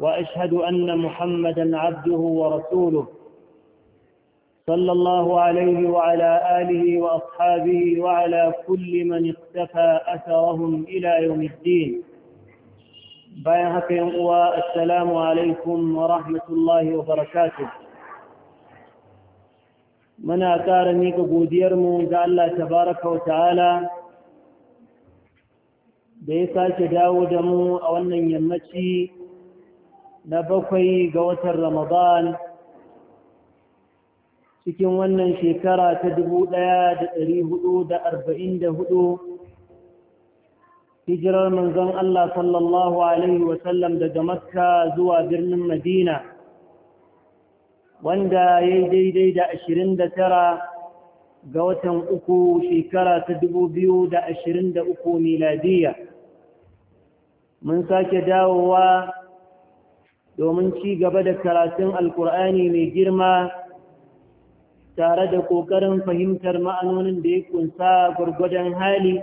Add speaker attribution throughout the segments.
Speaker 1: وأشهد أن محمدا عبده ورسوله صلى الله عليه وعلى آله وأصحابه وعلى كل من اقتفى أثرهم إلى يوم الدين بايهك ينقوى السلام عليكم ورحمة الله وبركاته من اكارني miƙa godiyarmu ga تبارك وتعالى wa ta'ala da ya sake dawo da mu a wannan yammaci na bakwai ga watan Ramadan cikin wannan shekara ta dubu ɗaya da ɗari hudu da arba'in da hudu hijirar manzon Allah sallallahu Alaihi wasallam daga Makka zuwa birnin Madina wanda ya yi daidai da ashirin da tara ga watan uku shekara ta dubu biyu da ashirin da uku miladiya mun sake dawowa domin ci gaba da karatun alkur'ani mai girma tare da ƙoƙarin fahimtar ma'anonin da ya kunsa gwargwadon hali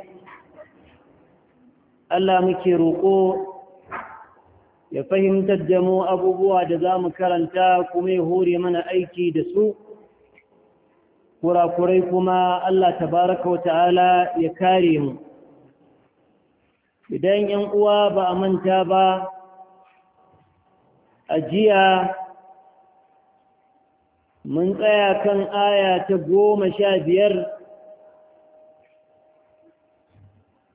Speaker 1: Allah muke roƙo ya fahimtar da mu abubuwa da za mu karanta kuma ya hore mana aiki da su kurakurai kuma Allah tabaraka wa ta'ala ya kare mu idan yan uwa ba a manta ba Ajiya mun tsaya kan aya ta goma sha biyar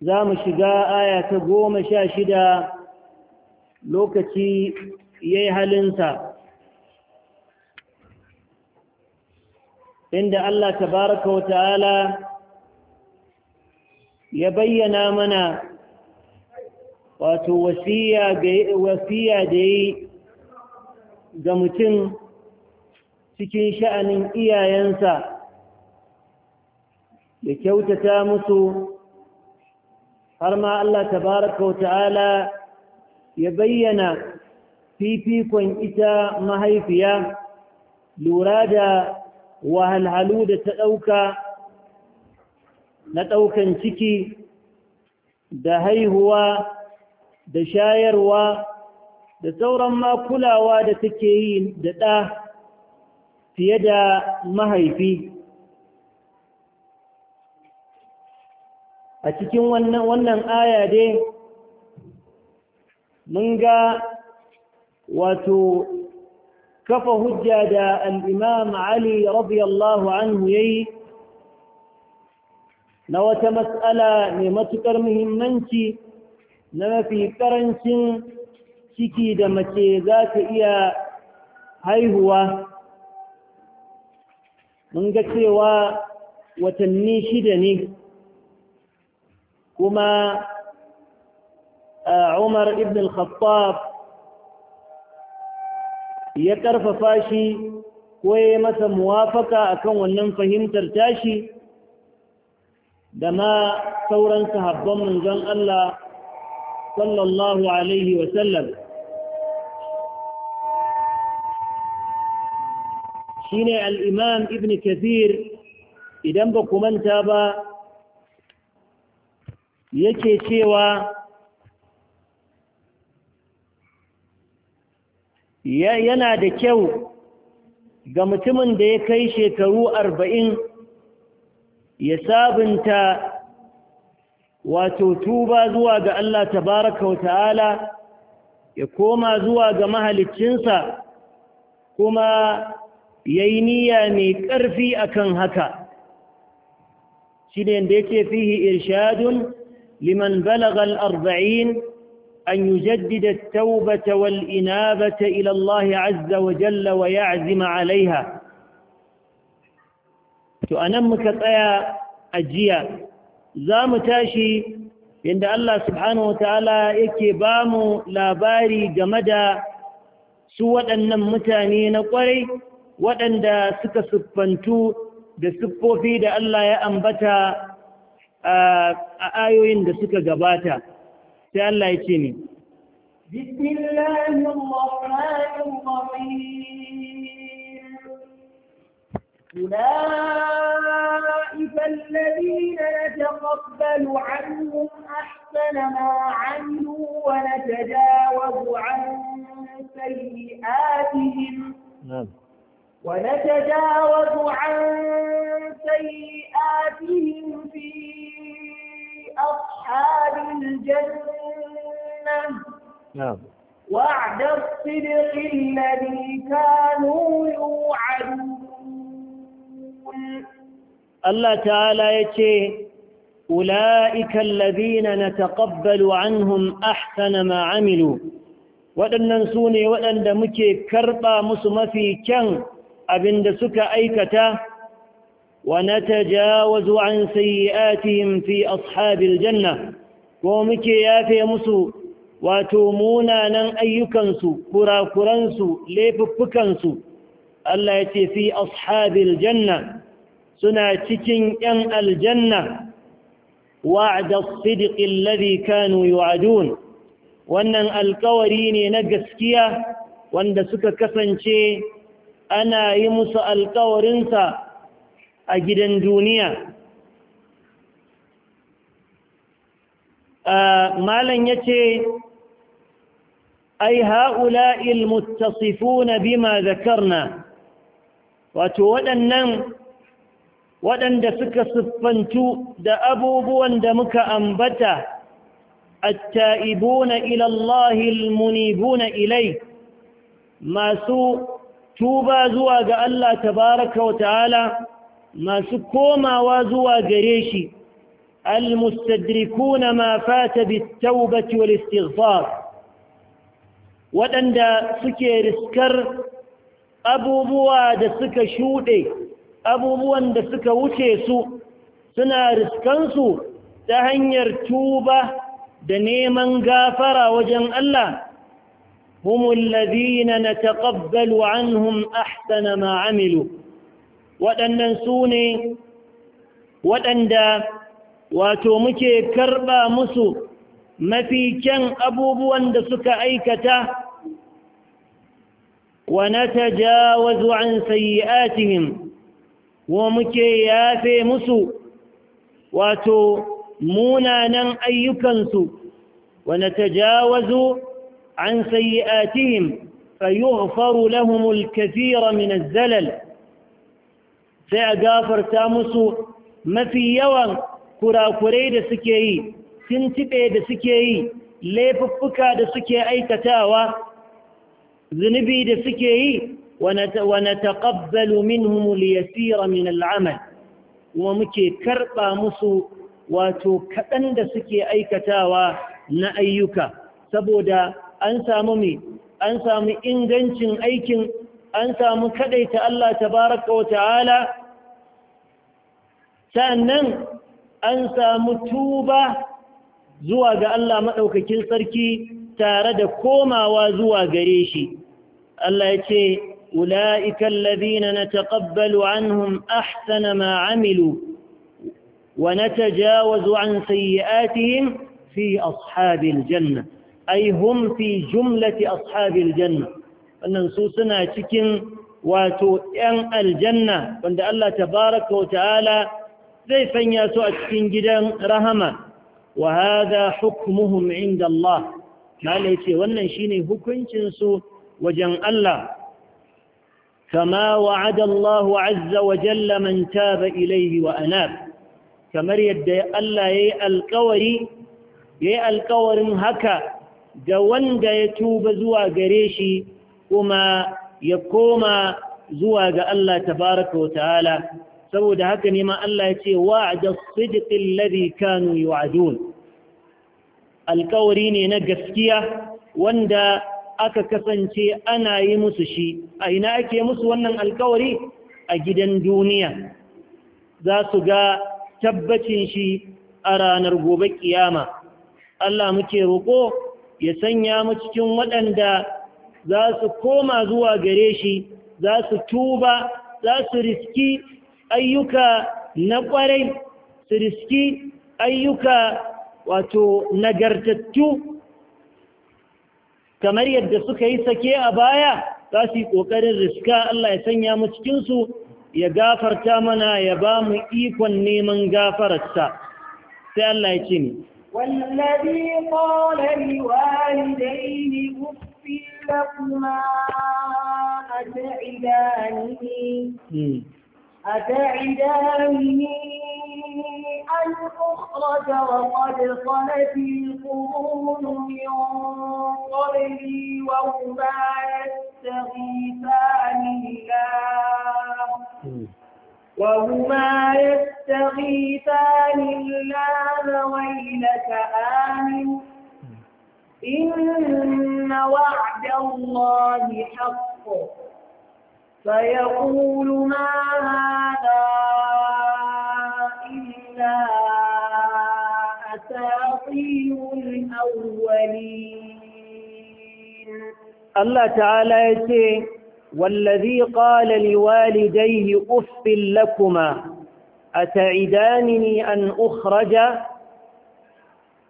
Speaker 1: za mu shiga aya ta goma sha shida lokaci ya yi halinsa inda Allah tabaraka wa ta'ala ya bayyana mana wato wasiya da yi ga mutum cikin sha'anin iyayensa da kyautata musu har ma Allah tabaraka wa ta'ala ya bayyana fifikon ita mahaifiya lura da wahalhalu da ta ɗauka na ɗaukan ciki da haihuwa da shayarwa da sauran ma kulawa da take yi da ɗa fiye da mahaifi a cikin wannan aya dai mun ga wato kafa hujja da al'imam Ali radiyallahu anhu yayi na wata matsala mai matuƙar muhimmanci na mafi ƙarancin ciki da mace za ta iya haihuwa mun ga cewa watanni shida ne kuma Umar ibn al-Khattab ya karfafa shi ko ya masa muwafaka akan wannan fahimtar tashi da ma sauran sahabban manzon Allah sallallahu alaihi wa sallam shine ne imam ibn kathir idan ba ku manta ba yake cewa yana da kyau ga mutumin da ya kai shekaru arba'in ya sabunta wato tuba zuwa ga Allah tabaraka wa ta'ala ya koma zuwa ga mahaliccinsa kuma ya yi niyya mai ƙarfi akan haka shi ne da yake fihi irshadun liman balagal arba'in an yi jaddida taubata wal inabata ilallahi azza wa jalla wa ya azima alaiha to a nan muka tsaya a jiya za mu tashi yadda Allah subhanahu wa ta'ala yake ba mu labari game da su waɗannan mutane na ƙwarai waɗanda suka siffantu da siffofi da Allah ya ambata a ayoyin da suka gabata sai Allah ya ce ne
Speaker 2: بسم الله أولئك الذين نتقبل عنهم أحسن ما عملوا ونتجاوز عن سيئاتهم نعم
Speaker 1: ونتجاوز عن
Speaker 2: سيئاتهم في أصحاب الجنة نعم وعد الصدق الذي كانوا يوعدون
Speaker 1: الله تعالى يتي أولئك الذين نتقبل عنهم أحسن ما عملوا waɗannan su ne waɗanda muke karɓa musu mafi kyan abin da suka aikata wa natajawazu an sayyi'atihim fi ashabil janna ko muke yafe musu wato munanan ayyukansu kurakuransu laifuffukansu Allah ya ce fi ashabil janna suna cikin ‘yan aljanna wa'ada sidiƙin lari kanu yu'adun wannan alkawari ne na gaskiya wanda suka kasance ana yi musu alkawarinsa a gidan duniya malan ya ce ai ha'ula ilmuttasifu na bima zakarna wato waɗannan waɗanda suka siffantu da abubuwan da muka ambata التائبون إلى الله ilmuni buna ilai masu. tuba zuwa ga Allah tabaraka wa ta'ala masu komawa zuwa gare shi almustadrikuna ma fata bit wal istighfar waɗanda suke riskar abubuwa da suka shuɗe abubuwan da suka wuce su suna riskansu ta hanyar tuba da neman gafara wajen Allah هم الذين نتقبل عنهم أحسن ما عملوا waɗannan su ne waɗanda wato muke karɓa musu mafi kyan abubuwan da suka aikata wa na ta jawazu an sayi'atihim wa muke yafe musu wato munanan ayyukansu wa na ta عن سيئاتهم فيغفر لهم الكثير من الزلل سيغافر تامسو ما في da suke yi سكي da suke yi laifuffuka da suke aikatawa zunubi da suke yi wa na taƙabbalu minhum liyasira min al'amal kuma muke karɓa musu wato kaɗan da suke aikatawa na ayyuka saboda an samu mi an samu ingancin aikin an samu kadaita Allah tabaraka wa ta'ala sannan an samu tuba zuwa ga Allah madaukakin sarki tare da komawa zuwa gare shi Allah ya ce alladhina nataqabbalu anhum ahsana ma amilu wa natajawazu an سيئاتهم fi ashabil jannah ai hum fi jumlati ashabil janna wannan su suna cikin wato 'yan aljanna wanda Allah tabaraka wa ta'ala zai sanya su a cikin gidan rahama wa hadha hukmuhum inda Allah malai ce wannan shine hukuncin su wajen Allah kama wa'ada Allah azza wa jalla man taba ilayhi wa anab kamar yadda Allah yayi alƙawari yayi alƙawarin haka da wanda ya tuba zuwa gare shi kuma ya koma zuwa ga Allah tabaraka wa ta'ala saboda haka ne ma Allah ya ce wa'ada sidqil ladhi kanu yu'adun alƙawari ne na gaskiya wanda aka kasance ana yi musu shi a ina ake musu wannan alkawari a gidan duniya za su ga tabbacin shi a ranar gobe kiyama Allah muke roƙo ya sanya mu cikin waɗanda za su koma zuwa gare shi za su tuba za su riski ayyuka na ƙwarai su riski ayyuka wato nagartattu kamar yadda suka yi sake a baya za su yi ƙoƙarin riska Allah ya sanya mu cikinsu ya gafarta mana ya ba mu ikon neman gafararsa sai Allah ya ce ne
Speaker 2: والذي قال لوالديه أف لكما اتعداني أتعداني أن أخرج وقد خلت القرون من قبلي وهما يستغيثان الله وهما يستغيثان الله ويلك آمن إن وعد الله حق فيقول ما هذا إلا أساطير الأولين
Speaker 1: الله تعالى يسير والذي قال لوالديه أف لكما أتعدانني أن أخرج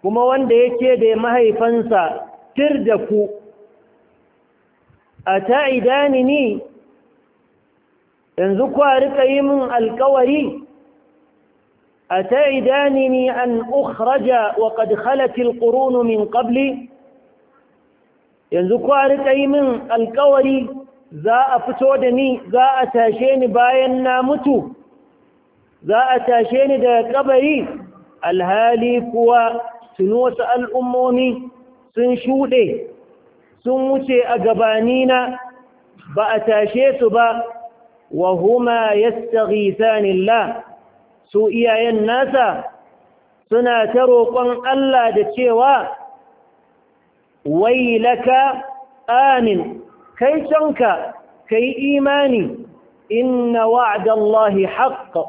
Speaker 1: كما وند يكيد مهيفنسا تردك أتعدانني ينزكو أركي من الكوري أتعدانني أن أخرج وقد خلت القرون من قبلي ينزكو أركي من الكوري za a fito da ni za a tashe ni bayan na mutu za a tashe ni daga kabari alhali kuwa tuni wasu al'ummomi sun shuɗe sun wuce a gabanina ba a tashe su ba wa huma yastaghithanillah su iyayen nasa suna ta roƙon Allah da cewa wailaka amin kai canka yi imani inna wa'dallahi haƙa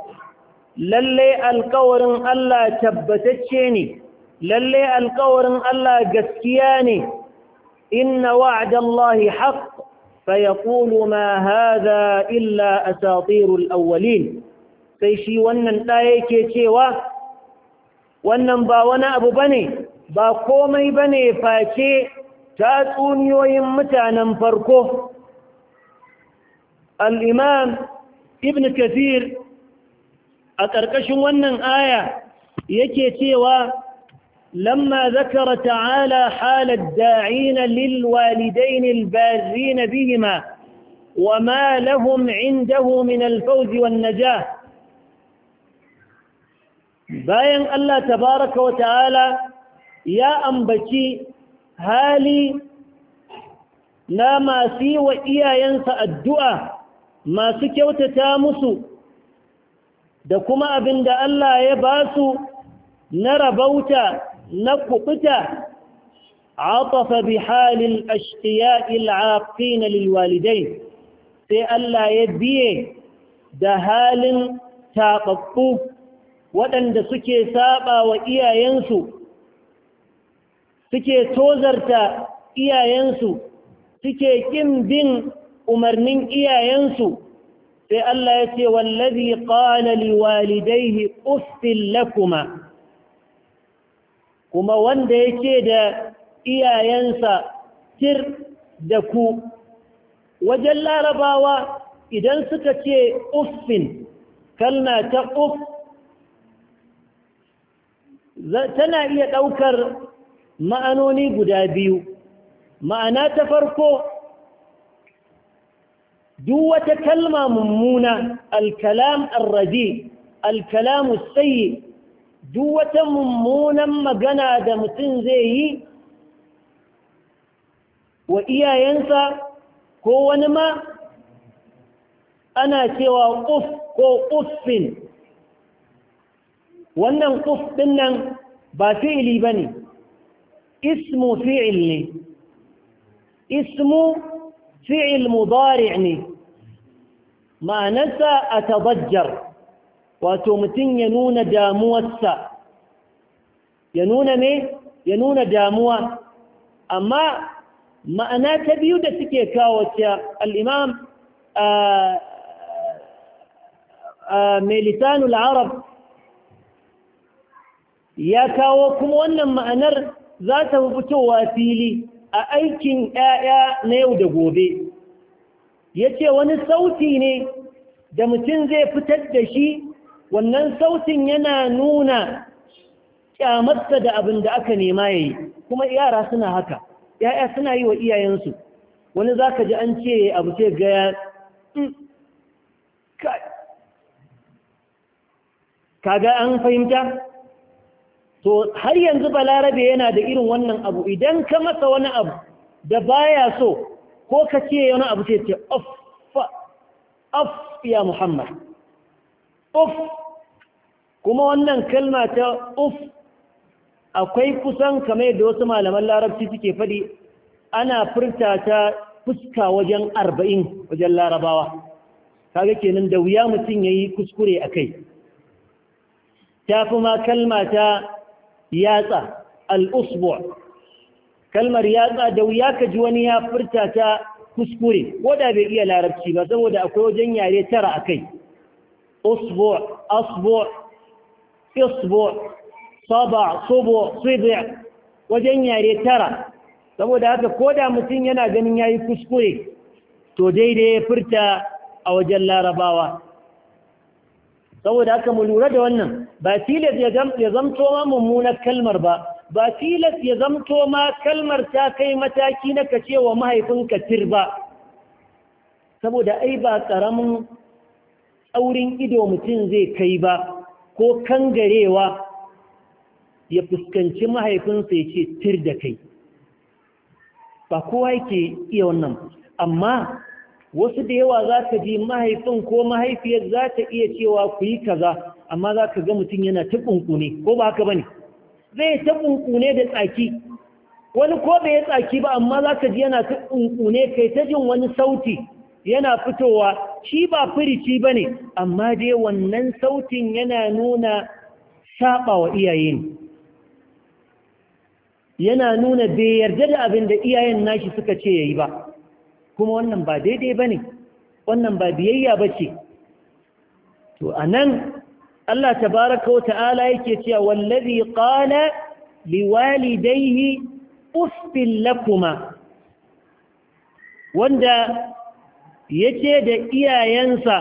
Speaker 1: lalle alkawarin Allah tabbatacce ne lalle alkawarin Allah gaskiya ne inna wa'dallahi haqq fayaqulu ma hadha illa asatirul awwalin sai shi wannan ɗaya ke cewa wannan ba wani abu bane ba komai bane face ta tsuniyoyin mutanen farko al’imam ibn kafir a ƙarƙashin wannan aya yake cewa lamma zakara ta'ala halar da'ina lilwalidain albari na bihima wa ma lahum indahu min alfauzi wa naja bayan Allah tabaraka wa ta'ala ya ambaci hali na masu yi wa iyayensa addu'a masu kyautata musu da kuma abin da Allah ya ba su na rabauta na kuɓuta عطف بحال الأشقياء العاقين للوالدين سي ألا يبيه دهال تاقفو ودن دسكي سابا وإيا ينسو suke tozarta iyayensu suke ƙin bin umarnin iyayensu sai Allah ya ce wallazi qala liwalidayhi uffil lakuma kuma wanda yake da iyayensa tir da ku wajen larabawa idan suka ce uffin kalna ta uff tana iya ɗaukar ma'anoni guda biyu ma'ana ta farko duk wata kalma mummuna alkalam arraji alkalamu sayi duk wata mummunan magana da mutum zai yi wa iyayensa ko wani ma ana cewa uf ko uffin wannan uf ɗin nan ba fi'ili ba ne اسم فعل ني اسم فعل مضارع ما نسى أتضجر وتمتن ينون داموسا ينون مي ينون داموة أما ما أنا دا سكي كاوتا الإمام آآ آه، آآ آه، آه، ميلسان العرب يا كاوكم ما أنر za ta fi fitowa fili a aikin ‘ya'ya na yau da gobe ya ce wani sauti ne da mutum zai fitar da shi wannan sautin yana nuna ƙyamarsa da abin da aka nema ya yi kuma yara suna haka ‘ya'ya suna yi wa iyayensu wani za ka ji an ce abu ce gaya mm, kaga an fahimta to har yanzu balarabe yana da irin wannan abu idan ka masa wani abu da baya so ko ka ce wani abu ce ce of ya muhammad of kuma wannan kalma ta of akwai kusan kamar da wasu malaman larabci suke faɗi ana furta ta fuska wajen arba'in wajen larabawa kaga kenan da wuya mutum ya yi kuskure a kai ta kuma kalma ta yatsa al'usbu kalmar yatsa da wuya ka ji wani ya furta ta kuskure ko da bai iya larabci ba saboda akwai wajen yare tara a kai usbu asbu isbu saba subu wajen yare tara saboda haka ko da mutum yana ganin yayi kuskure to daidai ya furta a wajen larabawa saboda haka mu lura da wannan ba tilas ya zamto ma mummunar kalmar ba ba tilas ya zamto ma kalmar ta kai mataki na kace wa mahaifinka tir ba saboda ai ba karamin tsaurin ido mutum zai kai ba ko kangarewa ya fuskanci mahaifinsa ya ce tir da kai ba kowa yake iya wannan amma wasu da yawa za ka ji mahaifin ko mahaifiyar za ta iya cewa ku yi kaza amma za ka ga mutum yana ta ƙunƙune ko ba haka ba ne zai ta ƙunƙune da tsaki wani ko bai ya tsaki ba amma za ka ji yana ta ƙunƙune kai ta jin wani sauti yana fitowa shi ba firici ba ne amma dai wannan sautin yana nuna saɓa wa iyaye ne yana nuna bai yarda da abin da iyayen nashi suka ce ya yi ba kuma wannan ba daidai ba ne wannan ba biyayya ba ce to a nan Allah tabaraka wata ala yake cewa wallazi qala yi ufin lakuma wanda ya ce da iyayensa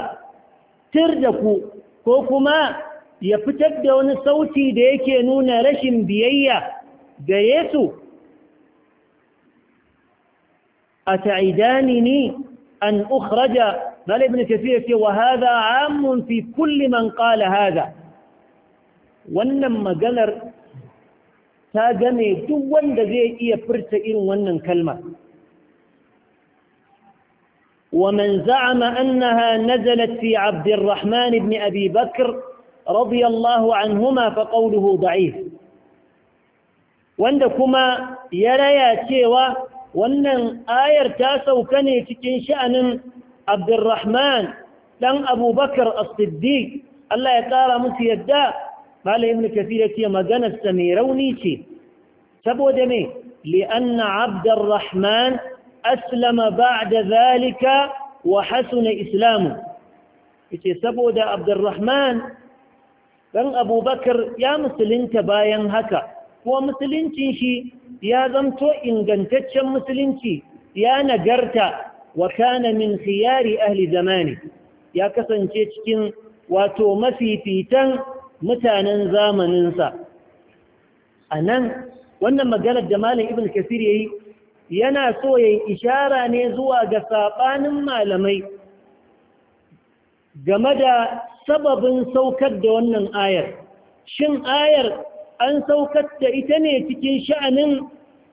Speaker 1: tir da ku ko kuma ya fitar da wani sauti da yake nuna rashin biyayya gare su أتعدانني أن أخرج قال ابن كثير وهذا عام في كل من قال هذا ونما قلر ta دوان دزي wanda zai iya ونن كلمة ومن زعم أنها نزلت في عبد الرحمن بن أبي بكر رضي الله عنهما فقوله ضعيف وندكما يريا تيوى wannan ayar ta sauka ne cikin sha'anin abdurrahman ɗan abubakar as-siddiq Allah ya ƙara musu yadda malayin kafir ya ce maganarsa mai rauni ce saboda me li'anna abdurrahman aslama ba'da zalika wa hasuna islamu yace saboda abdurrahman dan abubakar ya musulunta bayan haka ko musuluncin shi ya zamto ingantaccen musulunci ya nagarta wa kana min khiyari ahli zamani ya kasance cikin wato mafifitan mutanen zamaninsa a nan wannan maganar da malam ibn kasir yayi yana so yayi yi ishara ne zuwa ga saɓanin malamai game da sababin saukar da wannan ayar shin ayar an saukar da ita ne cikin sha'anin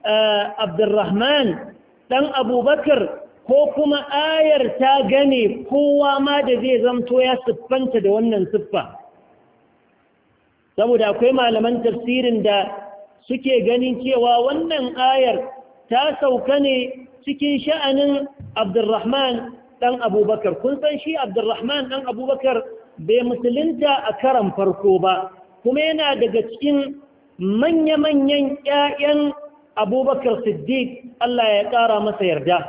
Speaker 1: eh, abdurrahman ɗan abubakar ko kuma ayar ta gane kowa ma da zai zamto ya siffanta da wannan siffa saboda akwai malaman tafsirin da suke ganin cewa wannan ayar ta sauka ne cikin sha'anin abdurrahman ɗan abubakar kun san shi abdurrahman ɗan abubakar bai musulunta a karan farko ba kuma yana daga cikin manya-manyan 'ya'yan abubakar siddiq Allah ya ƙara masa yarda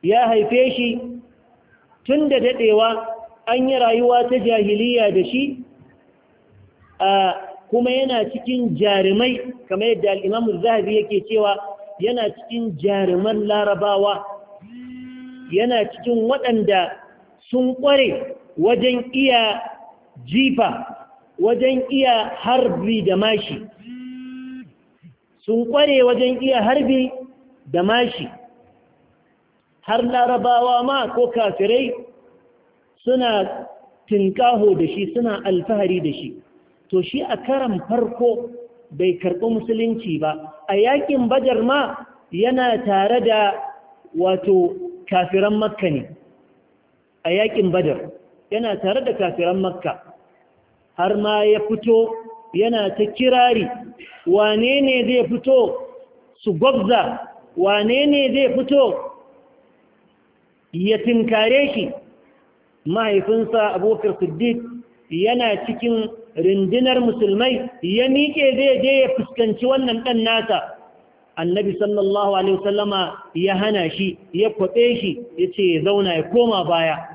Speaker 1: ya haife shi tun da daɗewa an yi rayuwa ta jahiliya da shi kuma yana cikin jarumai kamar yadda al'imamun zahabi yake cewa yana cikin jaruman larabawa yana cikin waɗanda sun ƙware wajen iya jifa wajen iya harbi da mashi sun kware wajen iya harbi da mashi har larabawa ma ko kafirai suna tinkaho da shi suna alfahari da shi to shi a karan farko bai karɓi musulunci ba a yakin bajar ma yana tare da wato kafiran makka ne a yakin bajar yana tare da kafiran makka har ma ya fito yana ta kirari wane ne zai fito su gwabza wane ne zai fito ya tinkare shi mahaifinsa abokar siddiq yana cikin rindinar musulmai ya miƙe zai je ya fuskanci wannan ɗan nasa annabi sallallahu alaihi wasallama ya hana shi ya kwaɓe shi ya ce ya zauna ya koma baya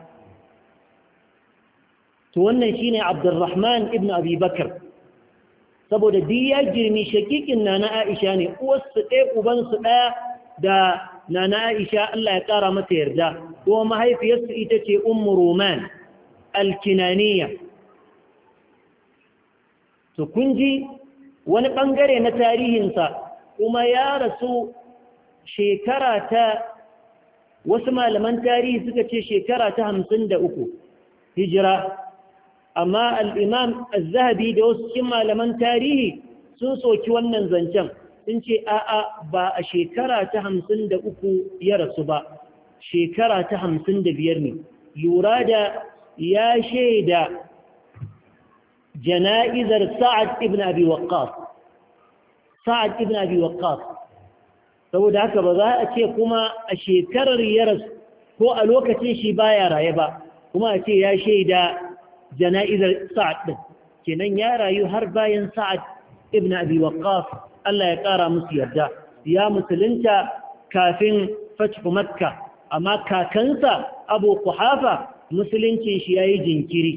Speaker 1: to wannan shine Abdurrahman ibn Abi Bakar saboda duk ya girmi shakikin nana Aisha ne uwarsu ɗaya ubansu ɗaya da nana Aisha Allah ya ƙara mata yarda kuma mahaifiyarsu ita ce Ummu Roman alkinaniya to kun ji wani ɓangare na tarihinsa kuma ya rasu shekara ta wasu malaman tarihi suka ce shekara ta hamsin da uku hijira amma al'imam zahabi da wasu cikin malaman tarihi sun soki wannan zancen sun ce a'a ba a shekara ta hamsin da uku ya rasu ba shekara ta hamsin da biyar ne lura da ya shaida jana'izar sa'ad ibn abi waqqas sa'ad ibn abi waqqas saboda haka ba za a ce kuma a shekarar ya rasu ko a lokacin shi baya raye ba kuma a ce ya shaida jana'izar sa'ad din kenan ya rayu har bayan sa'ad ibn abi waqqas Allah ya kara musu yarda ya musulunta kafin fathu makka amma kakansa abu quhafa musuluncin shi yayi jinkiri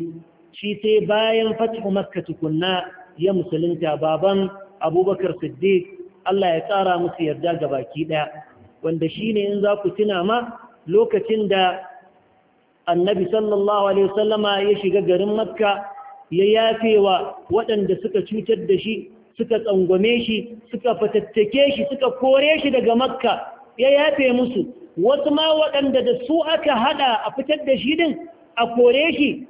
Speaker 1: shi sai bayan fathu makka tukunna ya musulunta baban abubakar siddiq Allah ya kara musu yarda ga baki daya wanda shine in za ku tuna ma lokacin da annabi sallallahu alaihi wasallama ya shiga garin makka ya yafewa waɗanda suka cutar da shi suka tsangwame shi suka fatattake shi suka kore shi daga makka ya yafe musu wasu ma waɗanda da su aka haɗa a fitar da shi din a kore shi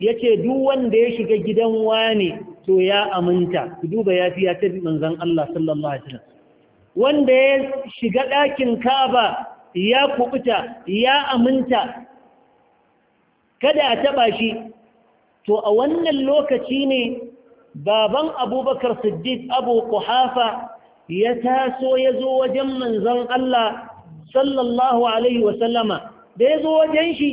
Speaker 1: ya ce duk wanda ya shiga gidan wane to ya aminta ku duba ya fiya ta manzan Allah sallallahu Alaihi wasallam wanda ya shiga ɗakin kaba ya kubuta ya aminta kada a taɓa shi to a wannan lokaci ne baban abubakar siddiq abu kuhafa ya taso ya zo wajen manzon Allah sallallahu alaihi wasallama da ya zo wajen shi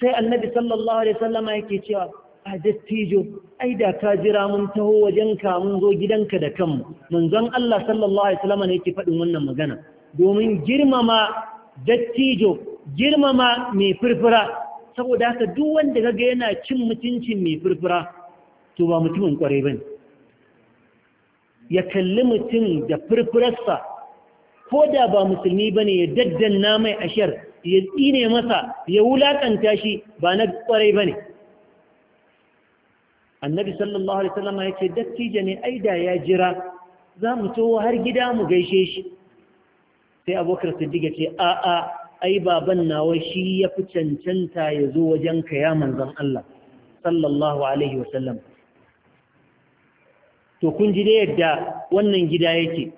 Speaker 1: sai annabi sallallahu alaihi wasallama yake cewa a ah, dattijo ai da ka jira mun taho wajen ka mun zo gidanka da kanmu manzon Allah sallallahu alaihi wasallama ne yake faɗin wannan magana domin girmama dattijo girmama mai firfira saboda haka duk wanda ga yana cin mutuncin mai furfura to ba mutumin kwarai bane ya kalli mutum da furfurarsa ko da ba musulmi bane ya daddanna mai ashar ya tsine masa ya wulaƙanta shi ba na kwarai bane annabi sallallahu alaihi wasallam ya ce dattijo ne aida ya jira za mu towa har gida mu gaishe shi sai abokar siddiq ya ce a'a ai baban nawa shi ya fi cancanta ya zo wajen ka ya manzan Allah sallallahu alaihi wasallam to kun ji da yadda wannan gida yake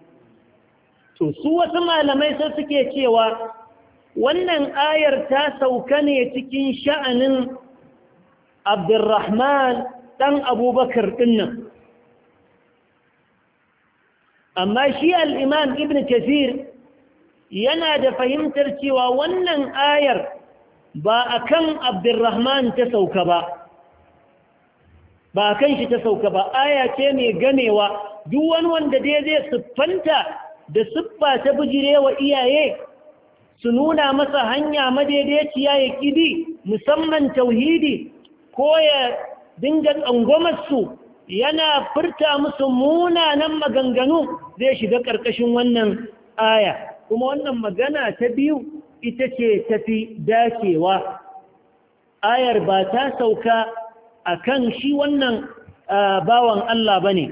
Speaker 1: to su wasu malamai sai suke cewa wannan ayar ta sauka ne cikin sha'anin abdurrahman ɗan abubakar ɗinnan amma shi al'imam ibn kafir yana da fahimtar cewa wannan ayar ba a kan abdurrahman ta sauka ba ba a kan shi ta sauka ba aya ce mai gamewa duk wani wanda dai zai siffanta da siffa ta bijirewa iyaye su nuna masa hanya madaidaiciya ya kidi musamman tauhidi ko ya dinga tsangwamarsu, yana furta musu munanan maganganu zai shiga ƙarƙashin wannan aya kuma wannan magana ta biyu ita ce tafi dacewa ayar ba ta sauka a kan shi wannan bawan Allah ba ne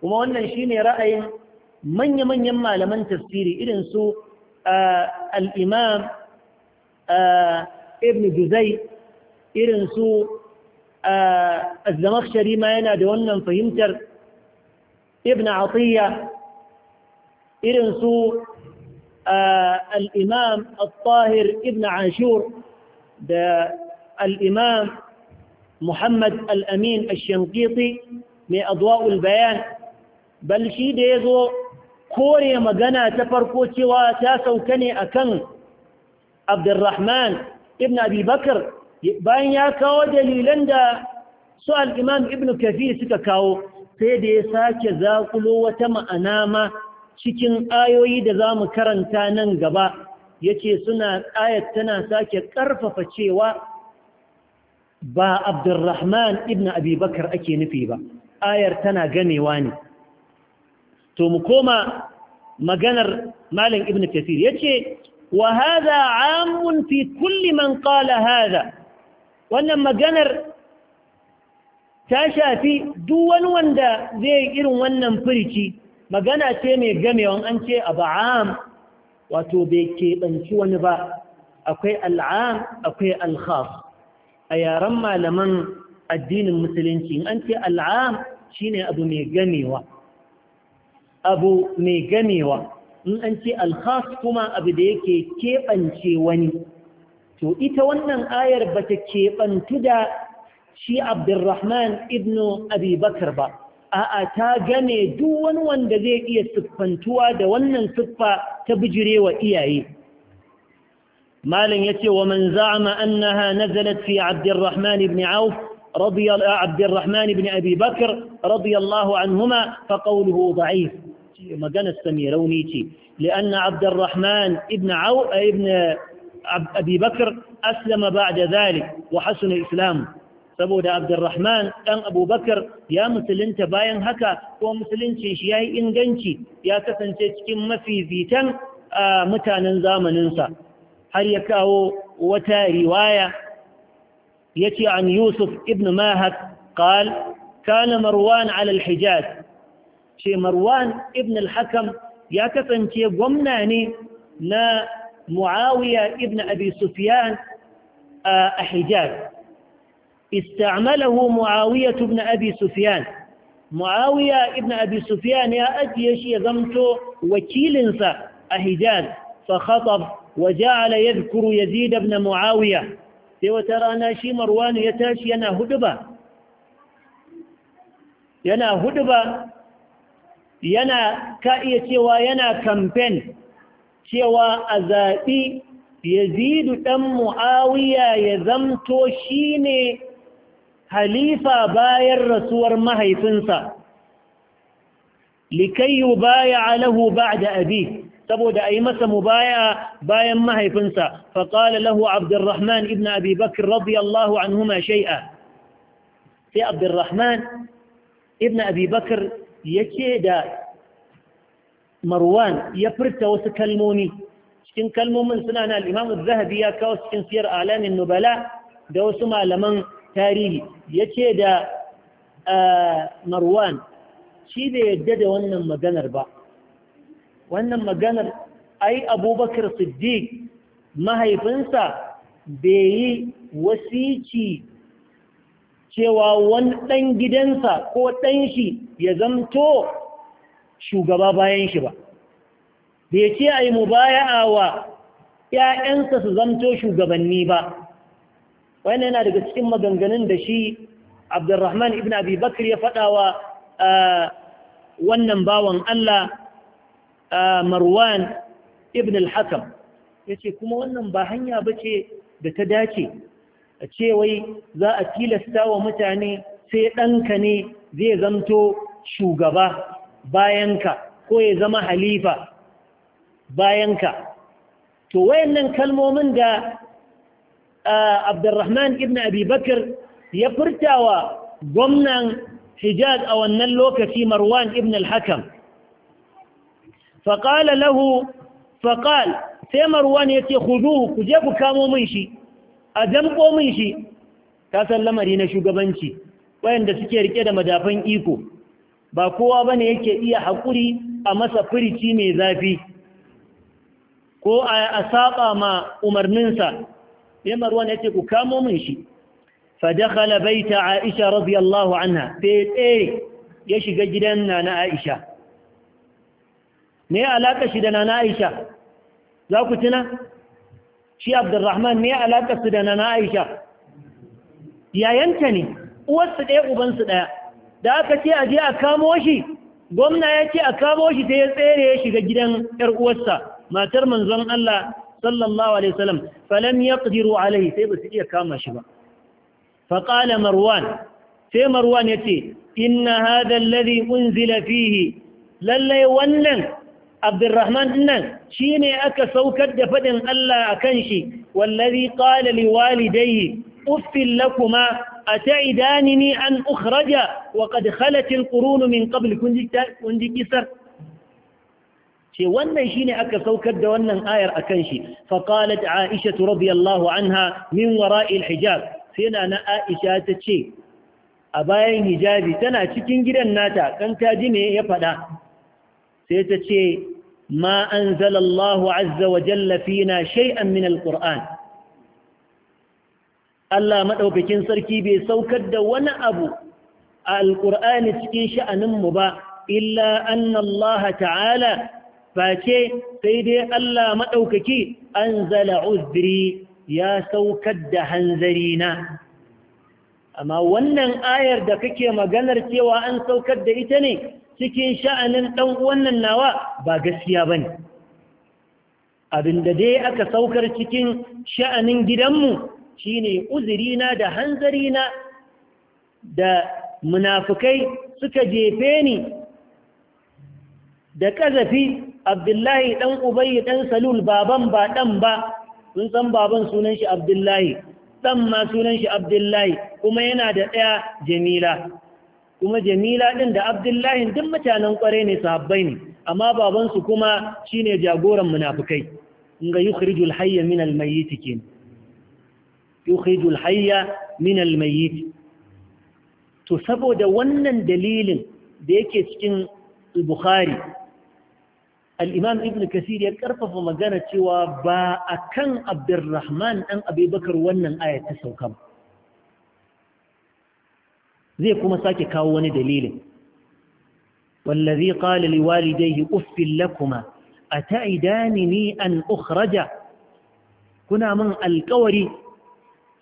Speaker 1: kuma wannan shi ne ra'ayin manya-manyan malaman tafsiri irin su al'imam ibn juzai irin su azamakshari Sharima yana da wannan fahimtar ibn atiyya irin su al'imam al-tahir ibn ashur da al'imam muhammad al'amin al-shankiti mai adwa'ul bayan bal shi da ya zo kore magana ta farko cewa ta sauka ne akan abdurrahman ibn abi bakar bayan ya kawo dalilan da su al'imam ibn kafi suka kawo sai da ya sake zakulo wata ma'ana ma cikin ayoyi da za mu karanta nan gaba ya suna ayat tana sake ƙarfafa cewa ba abdurrahman ibn abubakar ake nufi ba ayar tana ganewa ne to mu koma maganar malam ibn kasir yace ce wa haza amun fi kulli man qala haza wannan maganar ta shafi duk wanda zai irin wannan firici magana ce mai wa an ce aba'am wato bai keɓanci wani ba akwai al'am akwai al'khas a yaren malaman addinin musulunci an ce al'am shine abu mai gamewa abu mai gamewa in an ce alkhas kuma abu da yake keɓance wani to ita wannan ayar ba ta keɓantu da shi abdulrahman ibn abubakar ba a'a ta gane duk wani wanda zai iya siffantuwa da wannan siffa ta bijirewa iyaye malam yace wa man za'ama annaha nazalat fi Abdurrahman ibn Auf رضي Abdurrahman ibn Abi Bakr radiyallahu anhuma fa qawluhu da'if magana samirauni ce لأن abdurrahman ibn auf ibn abi bakr aslama ba'da بعد wa وحسن إسلامه saboda abdurrahman ɗan abubakar ya musulunta bayan haka ko musulunci shi ya yi inganci ya kasance cikin mafi a mutanen zamaninsa har ya kawo wata riwaya ya ce an yusuf ibn mahad قال كان مروان على الحجاز شي مروان ابن الحكم يا كفنتي غمناني نا معاوية ابن أبي a أحجاز استعمله معاوية بن أبي سفيان معاوية بن أبي سفيان يا أجيش يزمت وكيل أهجاز فخطب وجعل يذكر يزيد بن معاوية وترى أنا شي مروان يتاش ينا هدبة ينا هدبة yana ka iya cewa yana kamfen cewa a zaɓi yazidu ɗan mu'awiya halifa bayan rasuwar mahaifinsa likai yubaya lahu ba'da abi saboda ayi masa mubaya bayan mahaifinsa fa qala lahu abdurrahman ibn abi bakr radiyallahu anhuma shay'a sai abdurrahman ibn abi bakr yace da marwan ya furta wasu kalmomi cikin kalmomin suna na al-imam az-zahabi ya kawo cikin siyar alamin nubala da wasu malaman tarihi ya ce da marwan shi bai yadda da wannan maganar ba wannan maganar ai abubakar siddiq mahaifinsa bai yi wasici cewa wani ɗan gidansa ko ɗan shi ya zamto shugaba bayan shi ba bai ce a yi mu baya wa ‘ya'yansa su zamto shugabanni ba wannan yana daga cikin maganganun da shi abdurrahman ibn abi bakr ya faɗa wa wannan bawan Allah marwan ibn al-hakam yace kuma wannan ba hanya ba ce da ta dace a cewai za a tilasta wa mutane sai ɗanka ne zai zamto shugaba bayanka ko ya zama halifa ka to wayannan kalmomin da abdurrahman ibn Abibakar bakr ya furtawa gwamnan hijaz a wannan lokaci marwan ibn al-hakam faƙala lahu sai marwan ya ce hudu ku je ku kamo min shi a jamko min shi ta san lamari na shugabanci wayanda suke rike da madafan iko ba kowa bane yake iya haƙuri a masa firici mai zafi ko a saƙa ma umarninsa sai marwan ya ce ku kamo min shi fa dakhala baita aisha radiyallahu anha sai tsaye ya shiga gidan nana aisha me alaka shi da nana aisha za ku tuna shi abdurrahman me alaka su da nana aisha yayanta ne uwarsu ɗaya ubansu ɗaya da aka ce a je a kamo shi gwamna ya ce a kamo shi ta ya tsere ya shiga gidan ‘yar uwarsa matar manzon Allah sallallahu alaihi wasallam falam yaqdiru alaihi sai ba su iya kama shi ba fa qala marwan sai marwan yace inna hadha alladhi unzila fihi lallai wannan Abdurrahman nan shine aka saukar da fadin Allah akan shi wallazi qala liwalidayhi uffil lakuma ata'idanini an ukhraja wa qad khalat alqurun min qabl kunji ji kisar ce wannan shine aka saukar da wannan ayar akan shi fa qalat aisha radiyallahu anha min wara'i alhijab sai na aisha ta ce a bayan hijabi tana cikin gidan nata kan ji ne ya fada sai ta ce ma anzalallahu azza wa jalla fina shay'an min alquran Allah madaukakin sarki bai saukar da wani abu a alqur'ani cikin sha'anin mu ba illa anna allaha ta'ala face sai dai Allah maɗaukaki an zala uzuri ya saukar da hanzarina amma wannan ayar da kake maganar cewa an saukar da ita ne cikin sha'anin ɗan wannan nawa ba gaskiya ba ne abinda dai aka saukar cikin sha'anin gidanmu shine uzurina da hanzarina da munafukai suka jefe ni da ƙazafi abdullahi ɗan ubayi ɗan salul baban ba ɗan ba sun san baban sunan shi abdullahi ɗan ma sunan shi abdullahi kuma yana da ɗaya jamila kuma jamila ɗin da abdullahi duk mutanen ƙware ne sahabbai ne amma babansu kuma shine jagoran munafukai in ga yukhrijul hayya min kin yukhrijul hayya min to saboda wannan dalilin da yake cikin bukhari al'imam ibn kasir ya karfafa magana cewa ba a kan abdurrahman ɗan abubakar wannan ayat ta sauka ba zai kuma sake kawo wani dalilin wallazi qala liwalidayhi uffil lakuma ata'idanini an ukraja? kuna min alkawari?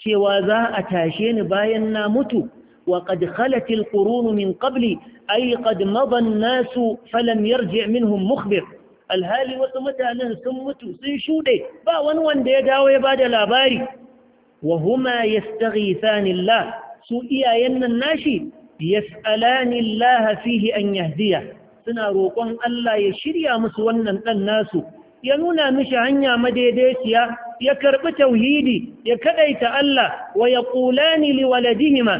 Speaker 1: cewa za a tashe ni bayan na mutu وقد خلت القرون من ƙabli? Ai قد مضى الناس فلم يرجع منهم مخبر alhali wasu mutanen sun mutu sun shuɗe ba wani wanda ya dawo ya ba da labari wa huma su iyayen nan nashi yas'alanillah fihi an yahdiya suna roƙon Allah ya shirya musu wannan ɗan nasu ya nuna mishi hanya madaidaiciya ya karɓi tauhidi ya kaɗaita Allah wa yaqulani liwaladihima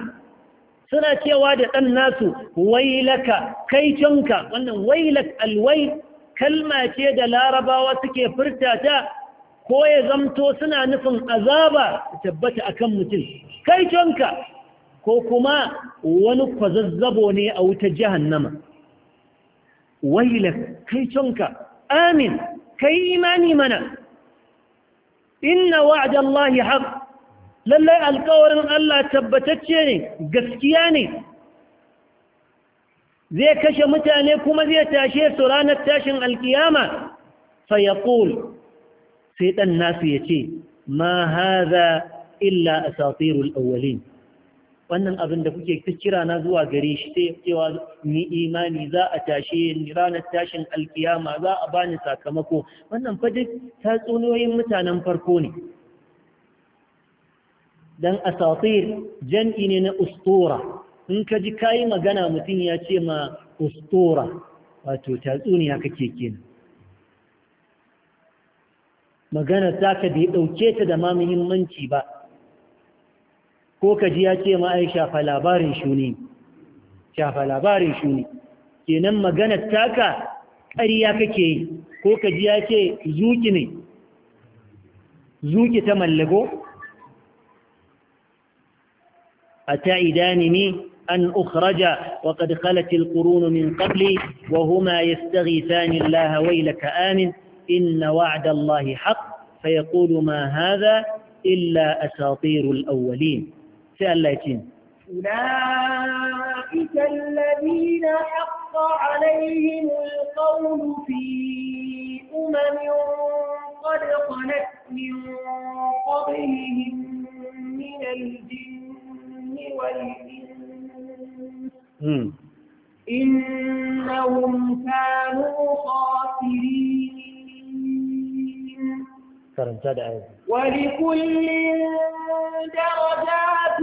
Speaker 1: suna cewa da ɗan nasu wailaka kaitonka wannan wailak alwai kalma ce da larabawa suke furta ta ko ya zamto suna nufin azaba tabbata akan mutum kai tonka ko kuma wani kwazazzabo ne a wuta jahannama waila kai tonka amin kai imani mana inna wa'adallahi haqq lallai alƙawarin Allah tabbatacce ne gaskiya ne zai kashe mutane kuma zai tashe su ranar tashin alkiyama fayaqul sai ɗan nasu ya ma hadha illa a safirul awwalin wannan abin da kuke ta kira na zuwa gare shi sai cewa ni imani za a tashe ranar tashin alkiyama za a bani sakamako wannan fadin ta tatsuniyoyin mutanen farko ne dan asatir jan'i ne na ustura in ka ji kayi magana mutum ya ce ma ustora wato tatsuniya kake kenan magana taka bai ɗauke ta da ma muhimmanci ba ko ka ji ya ce ma ai shafa labarin shuni shafa labarin shuni kenan magana taka ƙarya kake yi ko ka ji ya ce zuki ne zuki ta mallago a idani ne أن أخرج وقد خلت القرون من قبلي وهما يستغيثان الله ويلك آمن إن وعد الله حق فيقول ما هذا إلا أساطير الأولين سأل يتين
Speaker 2: أولئك الذين حق عليهم القول في أمم قد خلت من قبلهم من الجن والإنس إنهم كانوا خاسرين
Speaker 1: ولكل
Speaker 2: درجات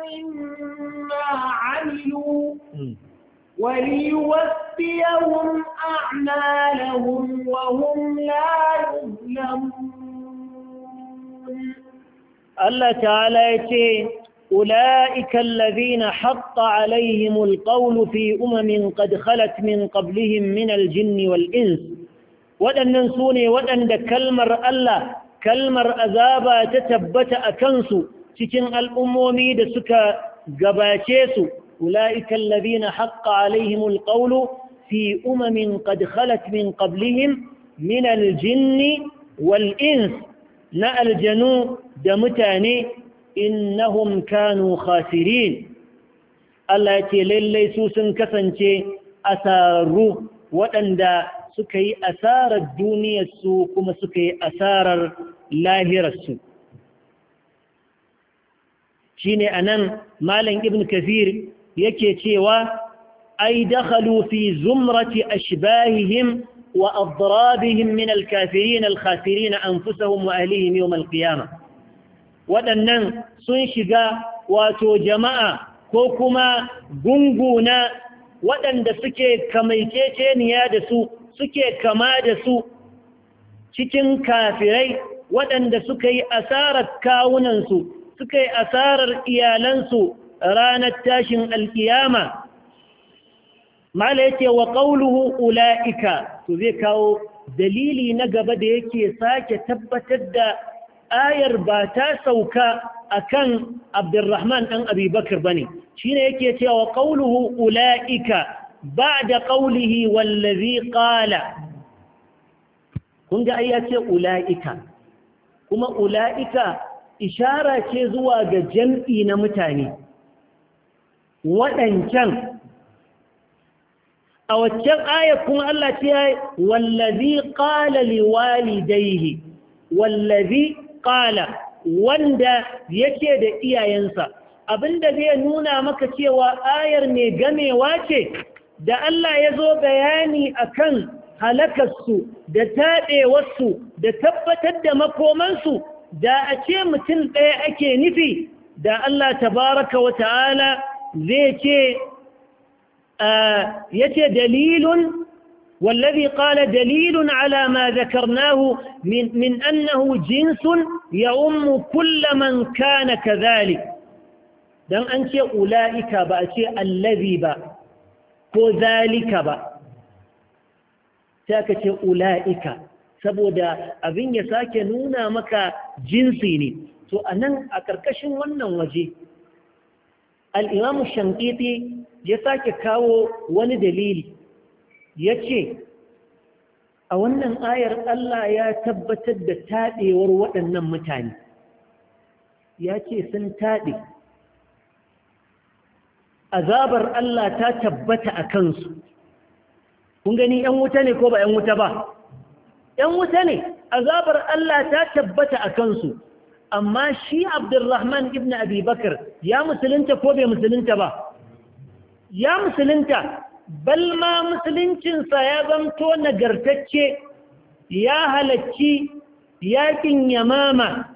Speaker 2: مما عملوا وليوفيهم أعمالهم وهم لا يظلمون
Speaker 1: الله تعالى يتين ulaikan الذين حق عليهم القول في أمم قد خلت من قبلهم من الجن والإنس waɗannan sune ne waɗanda kalmar Allah kalmar azaba ta tabbata a kansu cikin al'ummomi da suka gabace su ula'ikan labina haƙƙa alaihimul ƙaulu fi umamin ƙadhalat min ƙablihim min aljinni wal'ins na aljanu da mutane innahum kanu khasirin Allah ya ce lallai su sun kasance asaru waɗanda suka yi asarar duniyarsu kuma suka yi asarar lahirarsu shi ne a nan malam ibn kafir yake cewa ai dakhalu fi zumrati ashbahihim wa adrabihim min alkafirin alkhasirin anfusahum wa ahlihim yawm alqiyamah waɗannan sun shiga wato jama'a ko kuma gunguna waɗanda suke kamaikeceniya da su suke kama da su cikin kafirai waɗanda suka yi asarar kawunansu suka yi asarar iyalansu ranar tashin alkiyama mala yake wa ƙauluhu ula'ika to zai kawo dalili na gaba da yake sake tabbatar da ayar ba ta sauka akan Abdurrahman dan ba ne bane shine yake cewa qauluhu ulaika da qawlihi wallazi ƙala kun ga ai yace ulaika kuma ulaika ishara ce zuwa ga jam'i na mutane waɗancan a waccan ayar kuma Allah ce wallazi qala liwalidayhi wallazi qala wanda yake da iyayensa abinda zai nuna maka cewa ayar mai gamewa ce da Allah ya zo bayani akan halakarsu da taɓewarsu da tabbatar da makomansu da a ce mutum ɗaya ake nufi da Allah tabaraka wa ta'ala zai ce eh, ya ce dalilun والذي قال دليل على ما ذكرناه من, من أنه جنس يؤم كل من كان كذلك دم أنت أولئك بأتي الذي با كذلك با تاكت أولئك saboda abin ya sake nuna maka jinsi ne to a nan a ƙarƙashin wannan waje al'imamu shankiti ya sake kawo wani dalili ya ce a wannan ayar Allah ya tabbatar da taɗewar waɗannan mutane ya ce sun taɗe azabar Allah ta tabbata a kansu kun gani ‘yan wuta ne ko ba ‘yan wuta ba ‘yan wuta ne azabar Allah ta tabbata a kansu amma shi abdurrahman ibn abubakar ya musulunta ko bai musulunta ba ya musulunta balma musuluncinsa ya zamto nagartacce ya halacci yakin yamama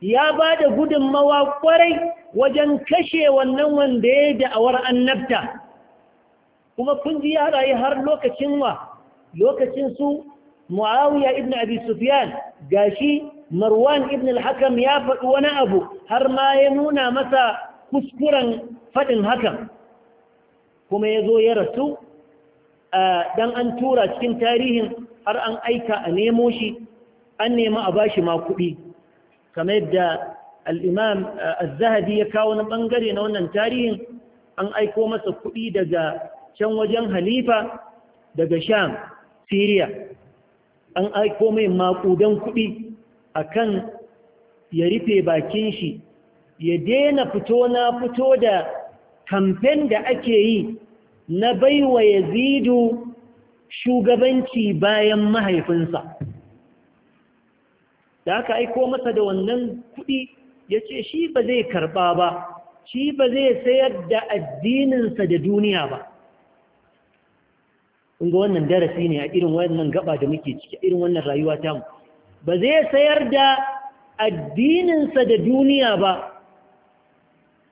Speaker 1: ya ba da gudunmawa kwarai wajen kashe wannan wanda ya awar annabta kuma kun ji ya rayu har lokacin wa lokacin su muawiya ibn abi sufyan gashi marwan ibn al-hakam ya faɗi wani abu har ma ya nuna masa kuskuren faɗin hakan kuma ya zo ya rasu dan an tura cikin tarihin har an aika a nemo shi an nemi a bashi ma kuɗi kamar yadda al'imam al-zahabi ya kawo na ɓangare na wannan tarihin an aiko masa kuɗi daga can wajen halifa daga sham syria an aiko mai maƙudan kuɗi a kan ya rufe bakin shi ya daina fito na fito da kamfen da ake yi na baiwa yazidu shugabanci bayan mahaifinsa da aka aiko masa da wannan kuɗi ya ce shi ba zai karɓa ba shi ba zai sayar da addininsa da duniya ba ga wannan darasi ne a irin wannan gaba da muke ciki irin wannan rayuwa tamu ba zai sayar da addininsa da duniya ba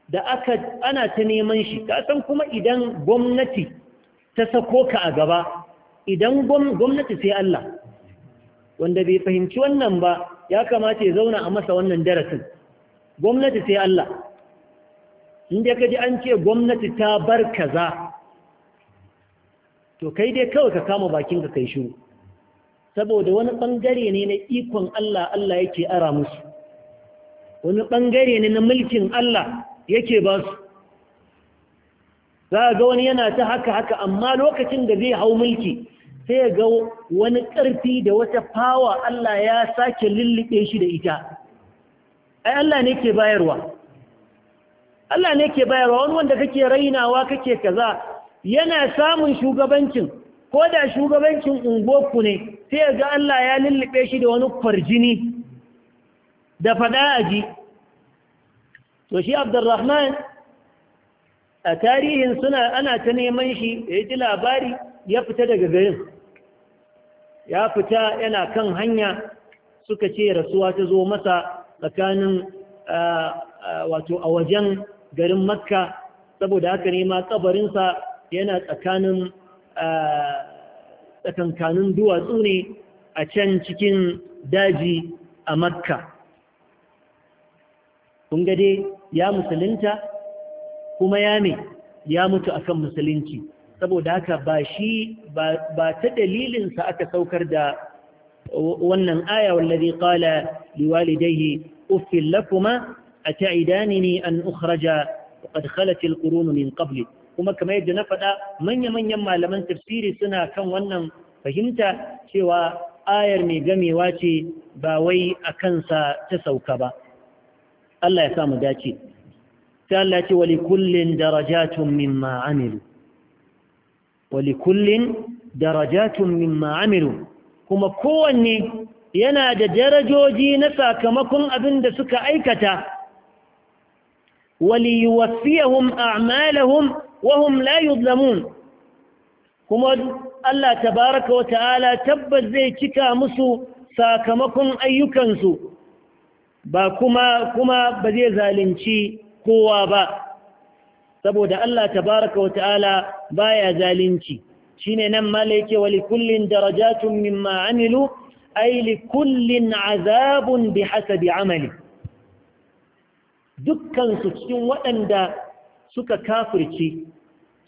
Speaker 1: da aka ana ta neman shi kasan kuma idan gwamnati ta sako ka a gaba idan gwamnati sai Allah wanda bai fahimci wannan ba ya kamata ya zauna a masa wannan darasin gwamnati sai Allah inda ka ji an ce gwamnati ta bar kaza to kai dai kawai ka kama bakin ka kai shiru saboda wani bangare ne na ikon Allah Allah yake ara musu wani ɓangare ne na mulkin Allah yake ba su za ga wani yana ta haka haka amma lokacin da zai hau mulki sai ga wani ƙarfi da wata fawa Allah ya sake lullube shi da ita ai Allah ne ke bayarwa Allah ne ke bayarwa wani wanda kake rainawa kake kaza yana samun shugabancin ko da shugabancin unguwarku ne sai ga Allah ya lullube shi da wani kwarjini da fada aji to shi abdurrahman a tarihin suna ana ta neman shi ya ji labari ya fita daga garin ya fita yana kan hanya suka ce rasuwa ta zo masa tsakanin wato a wajen garin makka saboda haka ne ma kabarinsa yana tsakanin tsakankanin duwatsu ne a can cikin daji a makka kun ga ya musulunta kuma ya ne ya mutu akan musulunci saboda haka ba shi ba ta dalilinsa aka saukar da wannan aya wallazi qala liwalidayhi uffil lakuma ata'idanini an ukhraja qad khalat alqurun min qabli kuma kamar yadda na faɗa manya-manyan malaman tafsiri suna kan wannan fahimta cewa ayar mai gamewa ce ba wai a kansa ta sauka ba Allah ya sa dace sai Allah ya ce wali kullin darajatun mimma amilu wali kullin darajatun mimma amilu kuma kowanne yana da darajoji na sakamakon abin da suka aikata wali yuwaffiyahum a'malahum wa hum la yuzlamun kuma Allah tabaraka wa ta'ala tabbas zai cika musu sakamakon ayyukansu ba kuma kuma ba zai zalunci kowa ba saboda Allah tabaraka wa ta'ala baya zalunci shine nan malaike wa likullin darajatun mimma amilu ay likullin azabun bihasabi amali dukkan su cikin waɗanda suka kafirci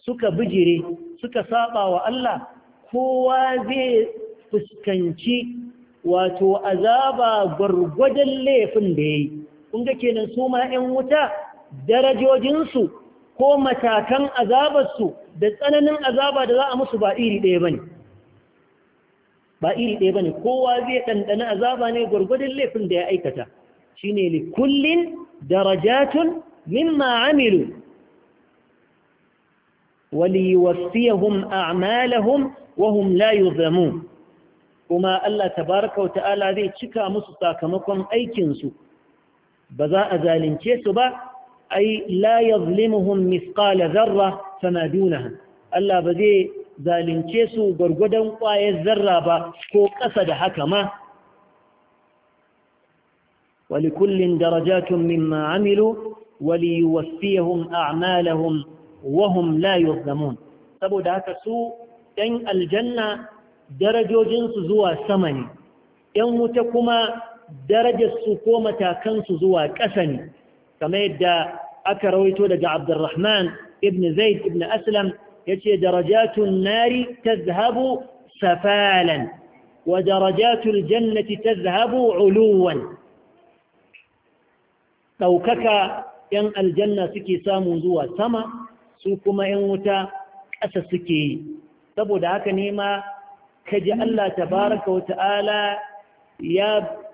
Speaker 1: suka bijire suka saba wa Allah kowa zai fuskanci wato azaba gwargwadon laifin da ya yi kun ga kenan su ma 'yan wuta darajojinsu ko matakan azabarsu da tsananin azaba da za a musu ba iri ɗaya ba ba iri ɗaya ba kowa zai ɗanɗana azaba ne gwargwadon laifin da ya aikata shi ne li kullin darajatun mimma amilu wali wasiyahum a'malahum wa hum la kuma Allah tabaraka wata'ala zai cika musu sakamakon aikinsu ba za a zalunce su ba ai la yazlimuhum mithqala zarra fama dunaha Allah ba zai zalunce su gwargwadon ƙwayar zarra ba ko ƙasa da haka ma Wali ولكل درجات مما عملوا وليوفيهم أعمالهم وهم la يظلمون Saboda haka su ɗan aljanna. darajojinsu zuwa sama ne ‘yan wuta kuma darajarsu ko matakansu zuwa ƙasa ne kamar yadda aka rawaito daga abdurrahman ibn zaid ibn aslam ya ce darajatun nari ta zahabu safalan wa darajatun jannati ta zahabu uluwan ɗaukaka ‘yan aljanna suke samu zuwa sama su kuma ‘yan wuta ƙasa suke yi saboda haka nema kaji Allah tabaraka wa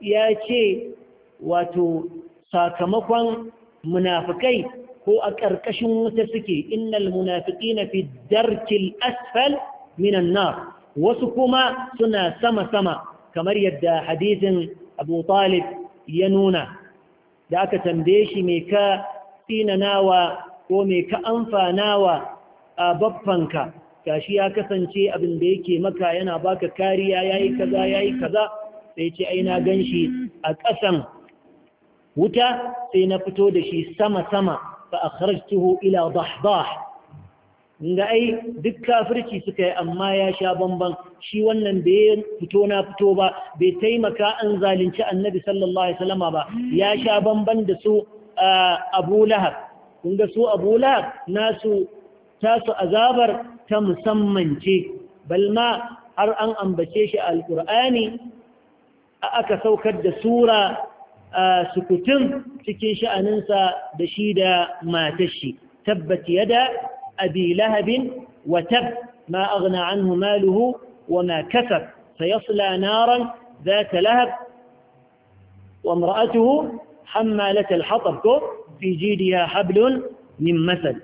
Speaker 1: ya ce wato sakamakon munafikai ko a ƙarƙashin wuta suke innal na fi darkin asfal minan nar wasu kuma suna sama sama kamar yadda hadisin Abu Talib ya nuna da aka tambaye shi me ka tsinanawa ko me ka amfanawa a babbanka gashi ya kasance abin da yake maka yana baka kariya yayi kaza yayi kaza sai ce aina ganshi a ƙasan wuta sai na fito da shi sama sama fa akhrajtuhu ila dahdah inda ai duk kafirci suka yi amma ya sha bamban shi wannan da ya fito na fito ba bai taimaka an zalunci annabi sallallahu alaihi wasallama ba ya sha bamban da su ah, Abu Lahab kun ga su Abu Lahab nasu tasu azabar ta musamman ce balma har an ambace shi a alƙur'ani aka saukar da sura a sukutun cikin sha'aninsa da shi da matashi tabbat yada abi lahabin wa tab ma aghna anhu maluhu wa ma kasab sayasla naran zata lahab wa imra'atuhu hammalat al-hatab fi jidiha hablun min masad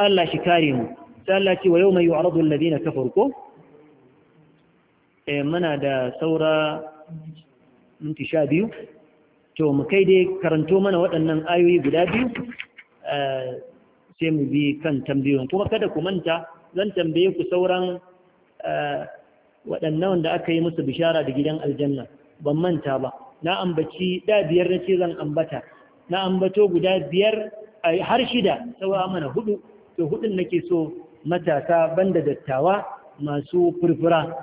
Speaker 1: Allah shi kare mu sai Allah ce wa yau mai yu'aradu alladhina kafaru ko eh muna da saura minti 12 to mu kai dai karanto mana waɗannan ayoyi guda biyu eh, sai mu bi kan tambayoyin kuma kada ku manta zan tambaye ku sauran eh, waɗannan wanda aka yi musu bishara da gidan aljanna ban manta ba na ambaci da biyar na ce zan ambata na ambato guda biyar har shida saura mana hudu to hudun nake so matasa banda dattawa masu furfura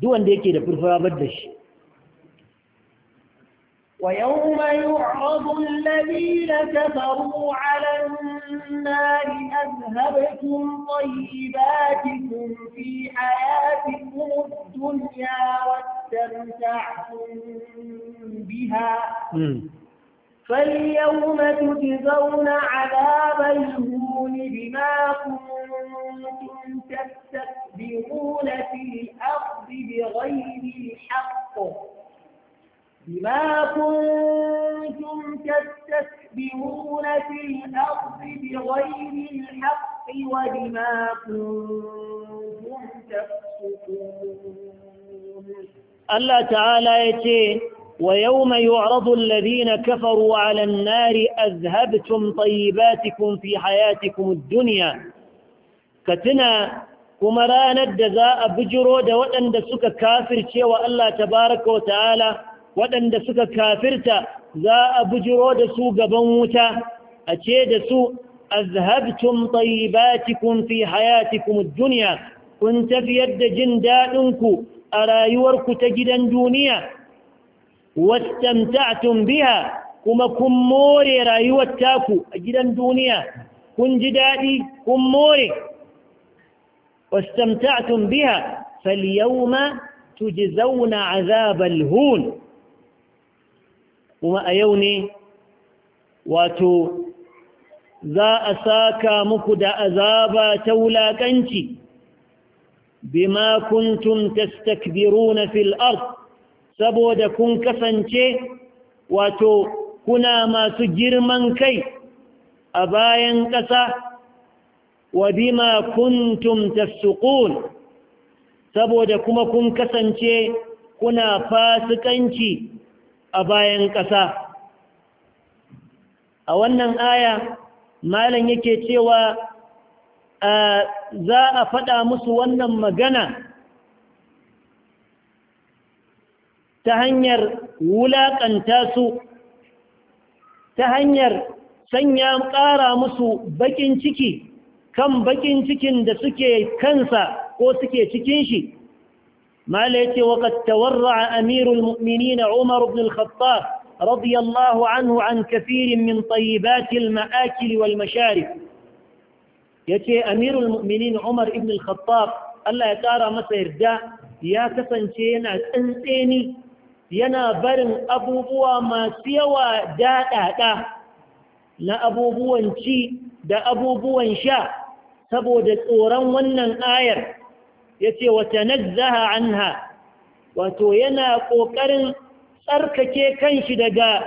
Speaker 1: duk yake da furfura bar da shi
Speaker 2: wa ta yu'radu alladhina kafaru 'ala an-nari azhabtum tayyibatikum fi hayatikum ad-dunya wa tamta'tum biha hmm. فاليوم تجزون عذاب الهون بما كنتم تستكبرون في الأرض بغير الحق بما كنتم تستكبرون في الأرض بغير الحق وبما كنتم تفسقون
Speaker 1: الله تعالى يتيه ويوم يعرض الذين كفروا على النار أذهبتم طيباتكم في حياتكم الدنيا كتنا kuma ranar da za a bijiro da waɗanda suka kafirce wa Allah tabaraka wa waɗanda suka kafirta za a bijiro da su gaban wuta a ce da su azhabtum tayyibatikum fi hayatikum ad kun tafiyar da jin daɗin ku a rayuwarku ta gidan duniya واستمتعتم بها كما كن موري رايوة تاكو أجدا دونيا كن جدادي كن موري واستمتعتم بها فاليوم تجزون عذاب الهون وما أيوني واتو ذا أساكا مكد ازابا تولا كنتي بما كنتم تستكبرون في الأرض saboda kun kasance wato kuna masu girman kai a bayan ƙasa wa bima kuntum tasuqun saboda kuma kun kasance kuna fasikanci a bayan ƙasa a wannan aya malam yake cewa za a faɗa musu wannan magana ta hanyar wulaƙanta su ta hanyar sanya ƙara musu baƙin ciki kan baƙin cikin da suke kansa ko suke cikin shi mala ya ce waƙat tawarra umar ibn al-khattar radiyallahu anhu an kafirin min tayibatil ma'akili wal mashari ya ce umar ibn al-khattar Allah ya ƙara masa yarda ya kasance yana tsantseni yana barin abubuwa masu yawa daɗaɗa na abubuwan ci da abubuwan sha saboda tsoron wannan ayar ya ce wata nazzaha anha wato yana ƙoƙarin tsarkake kanshi daga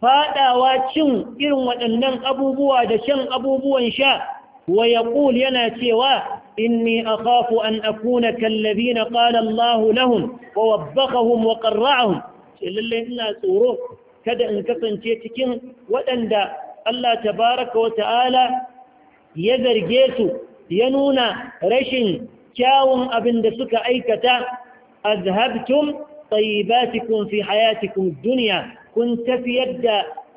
Speaker 1: faɗawa cin irin waɗannan abubuwa da shan abubuwan sha wa ya yana cewa إني أخاف أن أكون كالذين قال الله لهم ووبخهم وقرعهم لله إلا سوره كذا إن كفن تيتكين وأن دا الله تبارك وتعالى يذر جيسو ينونا رشن كاوم أبن دسك أيكتا أذهبتم طيباتكم في حياتكم الدنيا كنت في يد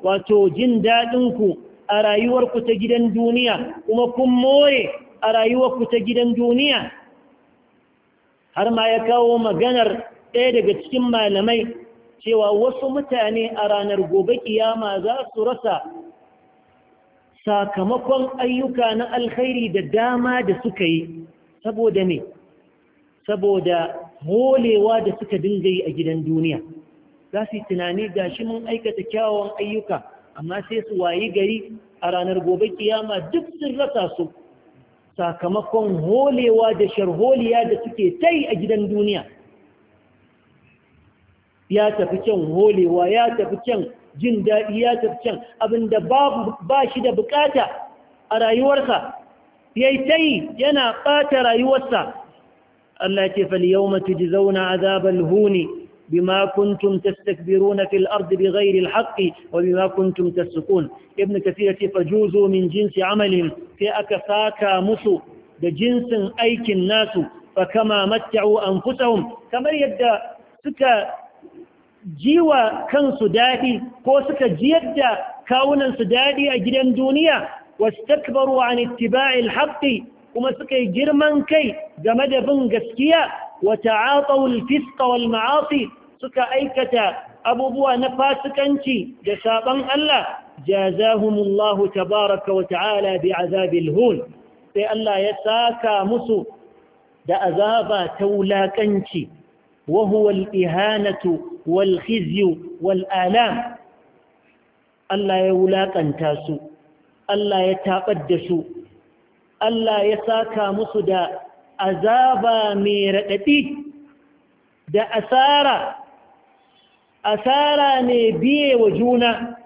Speaker 1: وتوجن دادنكم أرايورك تجدن دنيا وما كم موري a rayuwarku ta gidan duniya har ma ya kawo maganar ɗaya daga cikin malamai cewa wasu mutane a ranar gobe kiyama za su rasa sakamakon ayyuka na alkhairi da dama da suka yi saboda ne saboda holewa da suka dinga yi a gidan duniya za su yi tunani ga shi mun aikata kyawawan ayyuka amma sai su wayi gari a ranar gobe kiyama duk sun rasa su sakamakon holewa da sharholiya da suke ta a gidan duniya ya tafi can holewa ya tafi can jin daɗi ya tafi can abinda ba shi da bukata a rayuwarsa ya yi ta yi yana ɓata rayuwarsa Allah ce fal yau matu ji zauna azabar huni بما كنتم تستكبرون في الأرض بغير الحق وبما كنتم تسكون ابن كثير فجوزوا من جنس عملهم في أكفاكا مسو بجنس أيك الناس فكما متعوا أنفسهم كما يدى سكا جيوا كان سدادي كو سكا جيدا كاونا سدادي أجرا دونيا واستكبروا عن اتباع الحق وما سكا جرما كي جمد بن قسكيا wa ta'ataw al ma'asi suka aikata abubuwa na fasikanci da saban Allah jazahumullahu tabaraka wata'ala ta'ala bi'azabil sai Allah ya saka musu da azaba ta wulaƙanci. wa huwa al-ihanatu wal khizyu wal Allah ya wulakanta su Allah ya tabar da su Allah ya saka musu da azaba mai raɗaɗi da asara asara ne biye wa juna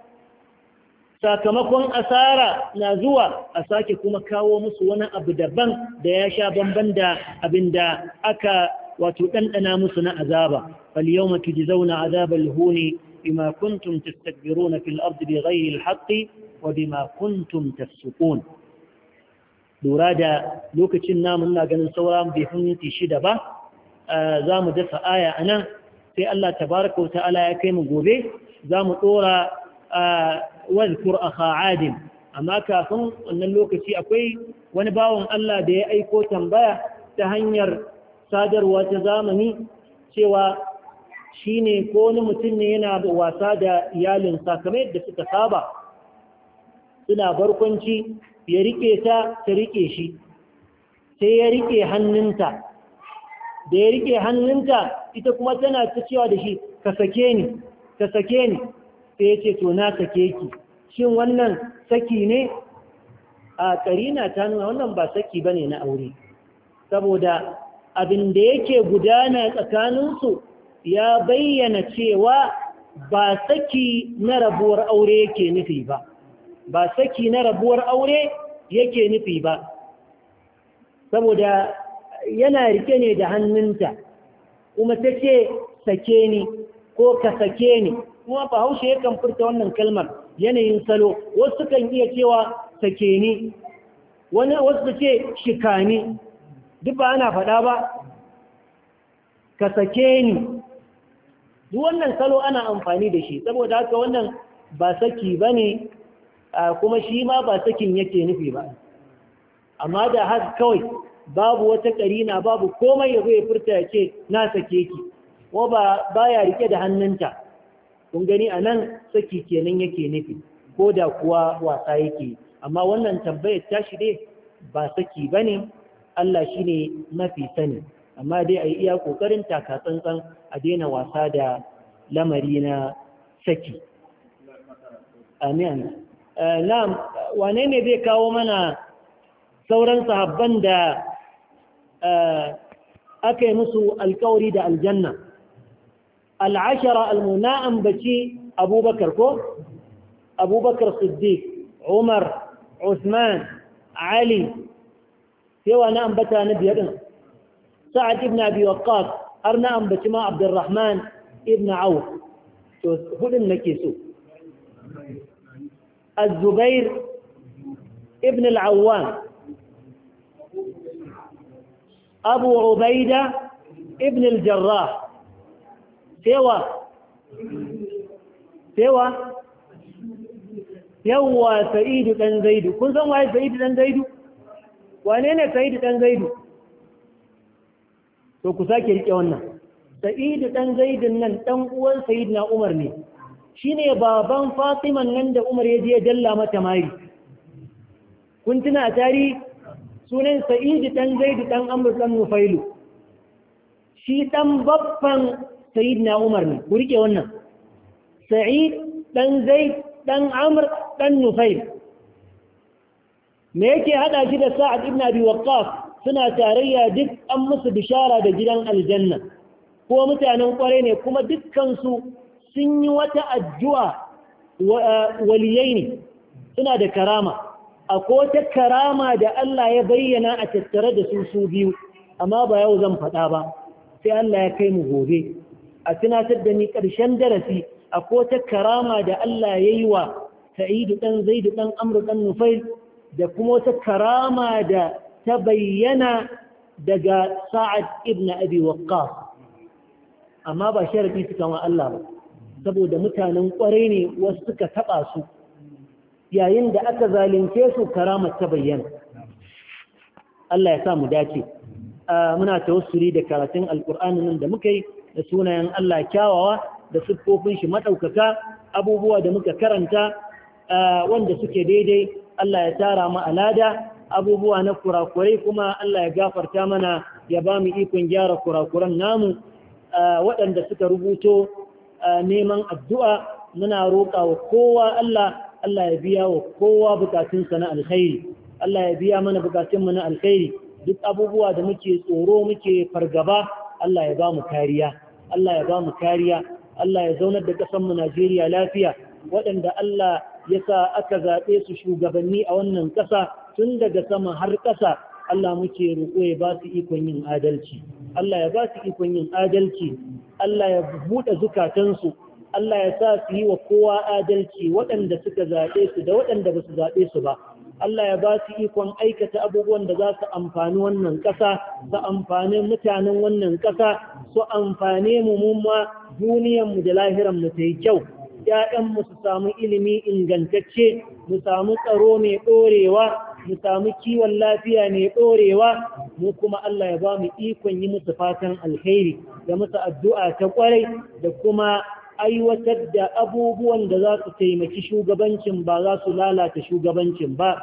Speaker 1: sakamakon asara na zuwa a sake kuma kawo musu wani abu daban da ya sha bamban da abin da aka wato ɗanɗana musu na azaba fal yau matu ji zauna azabal huni bima kuntum tastakbiruna fil ardi bi zai yi haqqi wa bima kuntum tafsukun lura da lokacin namun na ganin saura bai minti shida ba za mu dafa aya a nan sai Allah tabaraka wa ta'ala ya kai mu gobe za mu ɗora wadkur a ha'adin amma kafin wannan lokaci akwai wani bawan Allah da ya aiko tambaya ta hanyar sadarwa ta zamani cewa shi ne ko wani mutum ne yana wasa da iyalinsa kamar yadda suka saba suna barkwanci ya rike ta ta rike shi sai ya rike hannunta da ya rike hannunta ita kuma tana ta cewa da shi ka sake ni ka sake ni sai ya ce to na sake ki shin wannan saki ne a karina ta nuna wannan ba saki bane na aure saboda abin da yake gudana tsakaninsu ya bayyana cewa ba saki na rabuwar aure yake nufi ba ba saki na rabuwar aure yake nufi ba saboda yana rike ne da hannunta kuma ta ce sake ni ko ka sake ni kuma bahaushe yakan furta wannan kalmar yanayin salo wasu kan iya cewa sake ni wani wasu ce shikani duk ba ana faɗa ba ka sake ni duk wannan salo ana amfani da shi saboda haka wannan ba saki ba ne kuma shi ma ba sakin yake nufi ba amma da haka kawai babu wata karina babu komai ya zai furta ya ce na sake ki ko ba baya rike da hannunta kun gani anan saki kenan yake nufi ko da kuwa wasa yake amma wannan tambayar tashi dai ba saki bane Allah shine mafi sani amma dai a yi iya kokarin taka tsantsan a daina wasa da lamari na saki. Amin. Eh, na'am wane ne zai kawo mana sauran sahabban da eh, aka yi musu alkawari da aljanna al'ashara almuna ambaci abubakar ko abubakar siddiq umar usman ali yawa na ambata na biyar ɗin sa'ad ibn abi waqqas har na ambaci ma abdurrahman ibn auf to hudun nake so الزبير ابن العوام أبو عبيدة ابن الجراح سوى سوى يوى سعيد بن زيد كن سن واي سعيد بن زيد wane ne sa'idu ɗan to ku sake riƙe wannan sa'idu ɗan nan ɗan uwan sa'idu na umar ne Shi ne baban Fatiman nan da Umar ya je Jalla mata mari kun tuna a tari sunan Sa'id dan Zaid dan Amr dan Nufailu shi dan babban na Umar ne ku rike wannan Sa'id dan Zaid dan Amr dan Nufail me yake hada shi da Sa'ad ibn Abi Waqqas suna tarayya duk an musu bishara da gidan aljanna ko mutanen kware ne kuma dukkan su sun yi wata addu'a eh, waliyai ne suna da karama akwai wata karama da Allah ya bayyana a tattare da su su biyu amma ba yau zan faɗa ba sai Allah ya kai mu gobe a tunatar da ni ƙarshen darasi akwai wata karama da Allah ya yi wa sa'idu ɗan zaidu ɗan amru ɗan nufai da kuma wata karama da ta bayyana daga sa'ad ibn abi waqqas amma ba sharadi su kama Allah ba saboda mutanen kwarai ne wasu suka taɓa su yayin da aka zalunce su karamar ta bayyana Allah ya sa mu dace muna tawassuli da karatun alkur'ani nan da muka yi da sunayen Allah kyawawa da siffofin shi madaukaka abubuwa da muka karanta wanda suke daidai Allah ya tara mu alada abubuwa na kurakurai kuma Allah ya gafarta mana ya ba mu ikon gyara kurakuran namu waɗanda suka rubuto neman addu'a muna roƙa wa kowa Allah Allah ya biya wa kowa bukatunsa na alkhairi Allah ya biya mana bukatunmu na alkhairi duk abubuwa da muke tsoro muke fargaba Allah ya ba mu kariya Allah ya ba mu kariya Allah ya zaunar da ƙasarmu Najeriya lafiya waɗanda Allah ya sa aka zaɓe su shugabanni a wannan ƙasa tun daga sama har ƙasa Allah muke roƙo ya ba su ikon yin adalci Allah ya ba su ikon yin adalci Allah ya buɗe zukatansu Allah ya sa su yi wa kowa adalci waɗanda suka zaɓe su da waɗanda ba su zaɓe su ba Allah ya ba su ikon aikata abubuwan da za su amfani wannan ƙasa su amfani mutanen wannan ƙasa su amfani mu mumma ma duniyanmu da lahiranmu ta yi kyau ‘ya'yanmu su samu ilimi ingantacce mu samu tsaro mai ɗorewa mu samu kiwon lafiya mai ɗorewa mu kuma Allah ya ba mu ikon yi musu fatan alheri da musu addu'a ta ƙwarai da kuma aiwatar da abubuwan da za su taimaki shugabancin ba za su lalata shugabancin ba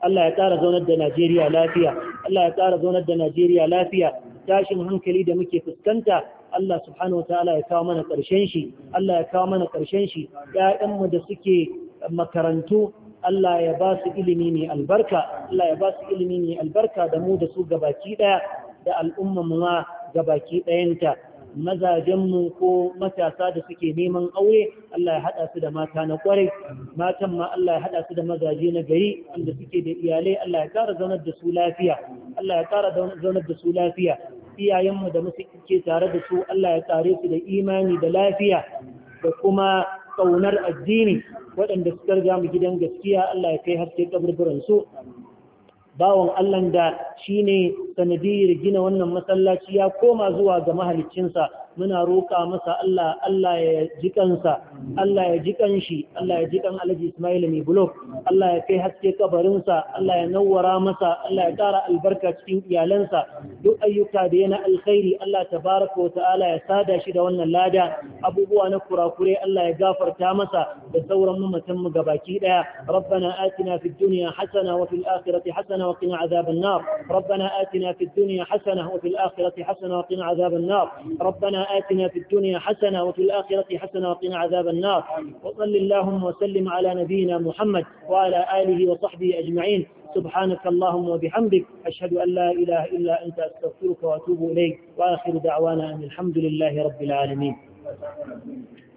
Speaker 1: Allah ya tsara zaunar da Najeriya lafiya Allah ya ƙara zaunar da Najeriya lafiya tashin hankali da muke fuskanta Allah subhanahu ta'ala ya kawo mana ƙarshen shi Allah ya kawo mana ƙarshen shi ƴaƴanmu da suke makarantu Allah ya ba su ilimi ne albarka Allah ya ba su ilimi ne albarka da mu da su gabaki ɗaya, da al'umma ma gabaki ɗayanta. mazajenmu ko matasa da suke neman aure Allah ya haɗa su da mata na ƙwarai matan ma Allah ya haɗa su da mazaje na gari wanda suke da iyalai Allah ya ƙara zaunar da su lafiya Allah ya ƙara zaunar da su lafiya iyayenmu da muke tare da su Allah ya tsare su da imani da lafiya da kuma ƙaunar addini waɗanda suka riga mu gidan gaskiya Allah ya kai haske kaburburan su bawon Allah da shine sanadiyar gina wannan masallaci ya koma zuwa ga mahaliccinsa muna roƙa masa Allah Allah ya ji kansa Allah ya jikan kanshi Allah ya jikan kan Alhaji Ismail mai blog Allah ya kai haske kabarinsa Allah ya nawwara masa Allah ya ƙara albarka cikin iyalansa duk ayyuka da yana alkhairi Allah tabaraka wa ta'ala ya sada shi da wannan lada abubuwa na kurakure Allah ya gafarta masa da sauran mamatan mu gabaki daya rabbana atina fid dunya hasana wa fil akhirati hasana wa qina adhaban nar rabbana atina fid dunya hasana wa fil akhirati hasana wa qina adhaban nar rabbana آتنا في الدنيا حسنة وفي الآخرة حسنة وقنا عذاب النار وصل اللهم وسلم على نبينا محمد وعلى آله وصحبه أجمعين سبحانك اللهم وبحمدك أشهد أن لا إله إلا أنت أستغفرك وأتوب إليك وآخر دعوانا أن الحمد لله رب
Speaker 2: العالمين